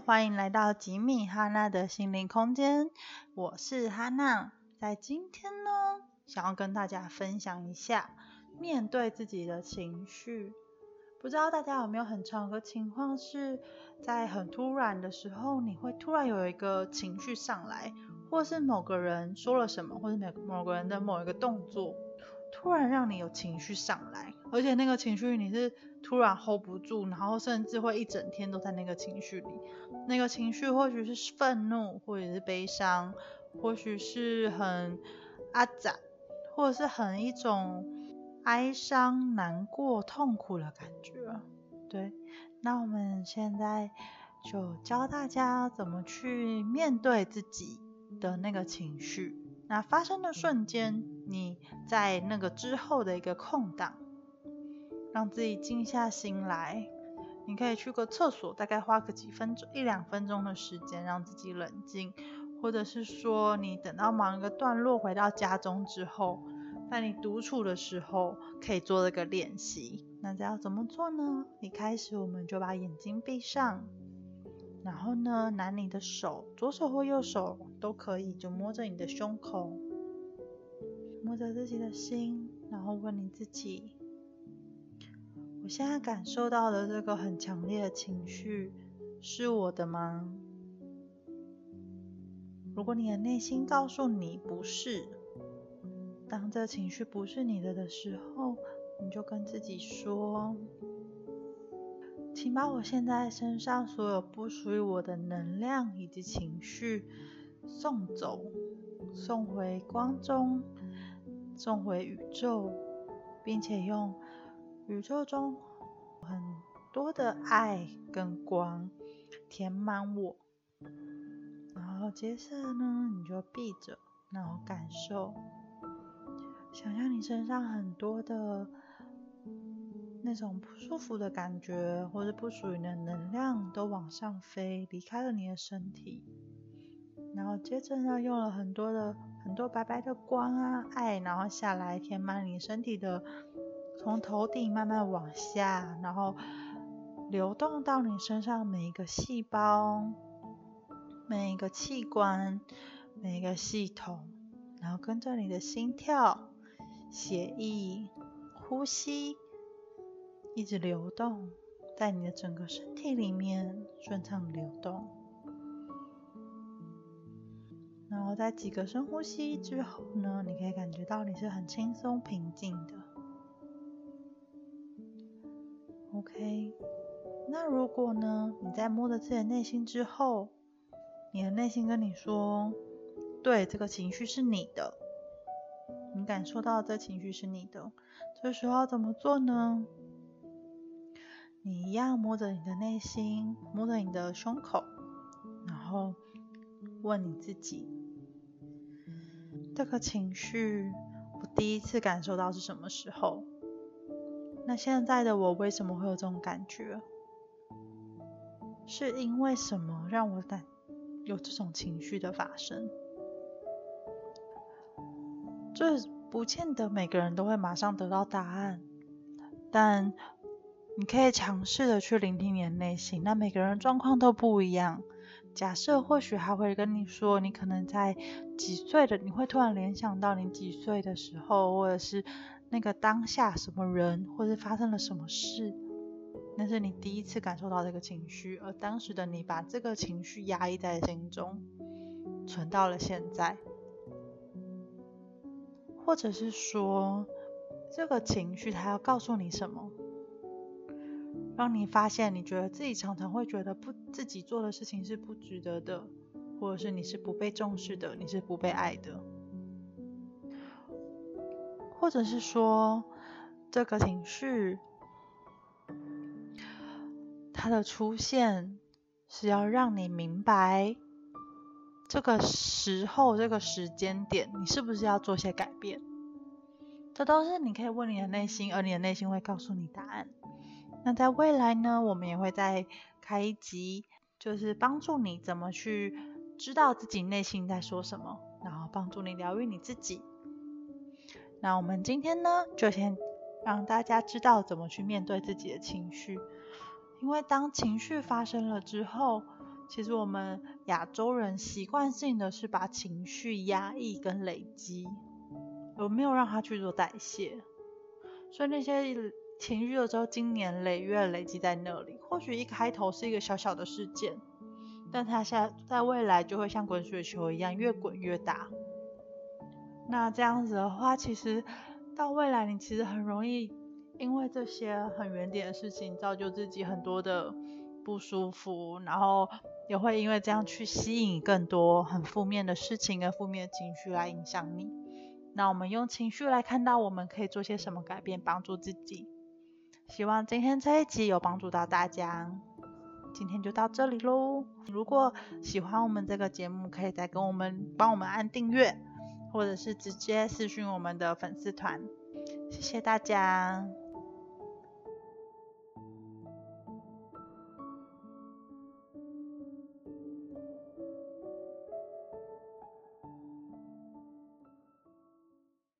歡迎來到吉米哈娜的心靈空間，我是哈娜，在今天呢，想要跟大家分享一下面對自己的情緒。不知道大家有沒有很常的情況，是在很突然的時候，你會突然有一個情緒上來，或是某個人說了什麼，或者某個人的某一個動作。突然讓你有情緒上來，而且那個情緒你是突然 hold 不住，然後甚至會一整天都在那個情緒裡。那個情緒或許是憤怒，或者是悲傷，或許是很阿雜，或者是很一種哀傷、難過、痛苦的感覺。對，那我們現在就教大家怎麼去面對自己的那個情緒。那發生的瞬間。你在那個之後的一個空檔，讓自己靜下心來。你可以去個廁所，大概花個幾分鐘、一兩分鐘的時間，讓自己冷靜。或者是說，你等到忙一個段落回到家中之後，在你獨處的時候，可以做這個練習。那這要怎麼做呢？一開始我們就把眼睛閉上，然後呢，拿你的手，左手或右手都可以，就摸着你的胸口。摸着自己的心，然後問你自己：我現在感受到的這個很強烈的情緒，是我的嗎？如果你的內心告訴你不是，當這情緒不是你的的時候，你就跟自己說：請把我現在身上所有不屬於我的能量以及情緒送走，送回光中。送回宇宙，並且用宇宙中很多的愛跟光填滿我。然後接下來呢，你就閉着，然後感受，想象你身上很多的那種不舒服的感覺，或者不屬於你的能量都往上飛，離開了你的身體。然後接着呢，用了很多的很多白白的光啊，愛，然後下來填滿你身體的，從頭頂慢慢往下，然後流動到你身上每一個細胞、每一個器官、每一個系統，然後跟着你的心跳、血液、呼吸，一直流動，在你的整個身體裡面順暢流動。在幾個深呼吸之後呢，你可以感覺到你是很輕鬆平靜的，OK。那如果呢，你在摸着自己的內心之後，你的內心跟你說，對，這個情緒是你的，你感受到這情緒是你的，這時候要怎麼做呢？你一樣摸着你的內心，摸着你的胸口，然後問你自己。這個情緒，我第一次感受到是什麼時候？那現在的我為什麼會有這種感覺？是因為什麼讓我感有這種情緒的發生？這不見得每個人都會馬上得到答案，但你可以嘗試的去聆聽你的內心。那每個人狀況都不一樣。假設或許還會跟你說，你可能在幾歲的，你會突然聯想到你幾歲的時候，或者是那個當下什麼人，或者發生了什麼事，那是你第一次感受到這個情緒，而當時的你把這個情緒壓抑在心中，存到了現在，或者是說這個情緒它要告訴你什麼？讓你發現，你覺得自己常常會覺得不自己做的事情是不值得的，或者是你是不被重視的，你是不被愛的，或者是說這個情緒它的出現是要讓你明白這個時候這個時間點你是不是要做些改變，這都是你可以問你的內心，而你的內心會告訴你答案。那在未來呢，我們也會再開一集，就是幫助你怎麼去知道自己內心在說什麼，然後幫助你療癒你自己。那我們今天呢，就先讓大家知道怎麼去面對自己的情緒，因為當情緒發生了之後，其實我們亞洲人習慣性的是把情緒壓抑跟累積，有沒有讓他去做代謝？所以那些。情緒的時候，經年累月累積在那裡。或許一開頭是一個小小的事件，但它現在在未來就會像滾雪球一樣越滾越大。那這樣子的話，其實到未來你其實很容易因為這些很原點的事情，造就自己很多的不舒服，然後也會因為這樣去吸引更多很負面的事情跟負面的情緒來影響你。那我們用情緒來看到，我們可以做些什麼改變，幫助自己。希望今天這一集有幫助到大家，今天就到這裡嘍。如果喜歡我們這個節目，可以再跟我們幫我們按訂閱，或者是直接私訊我們的粉絲團。謝謝大家。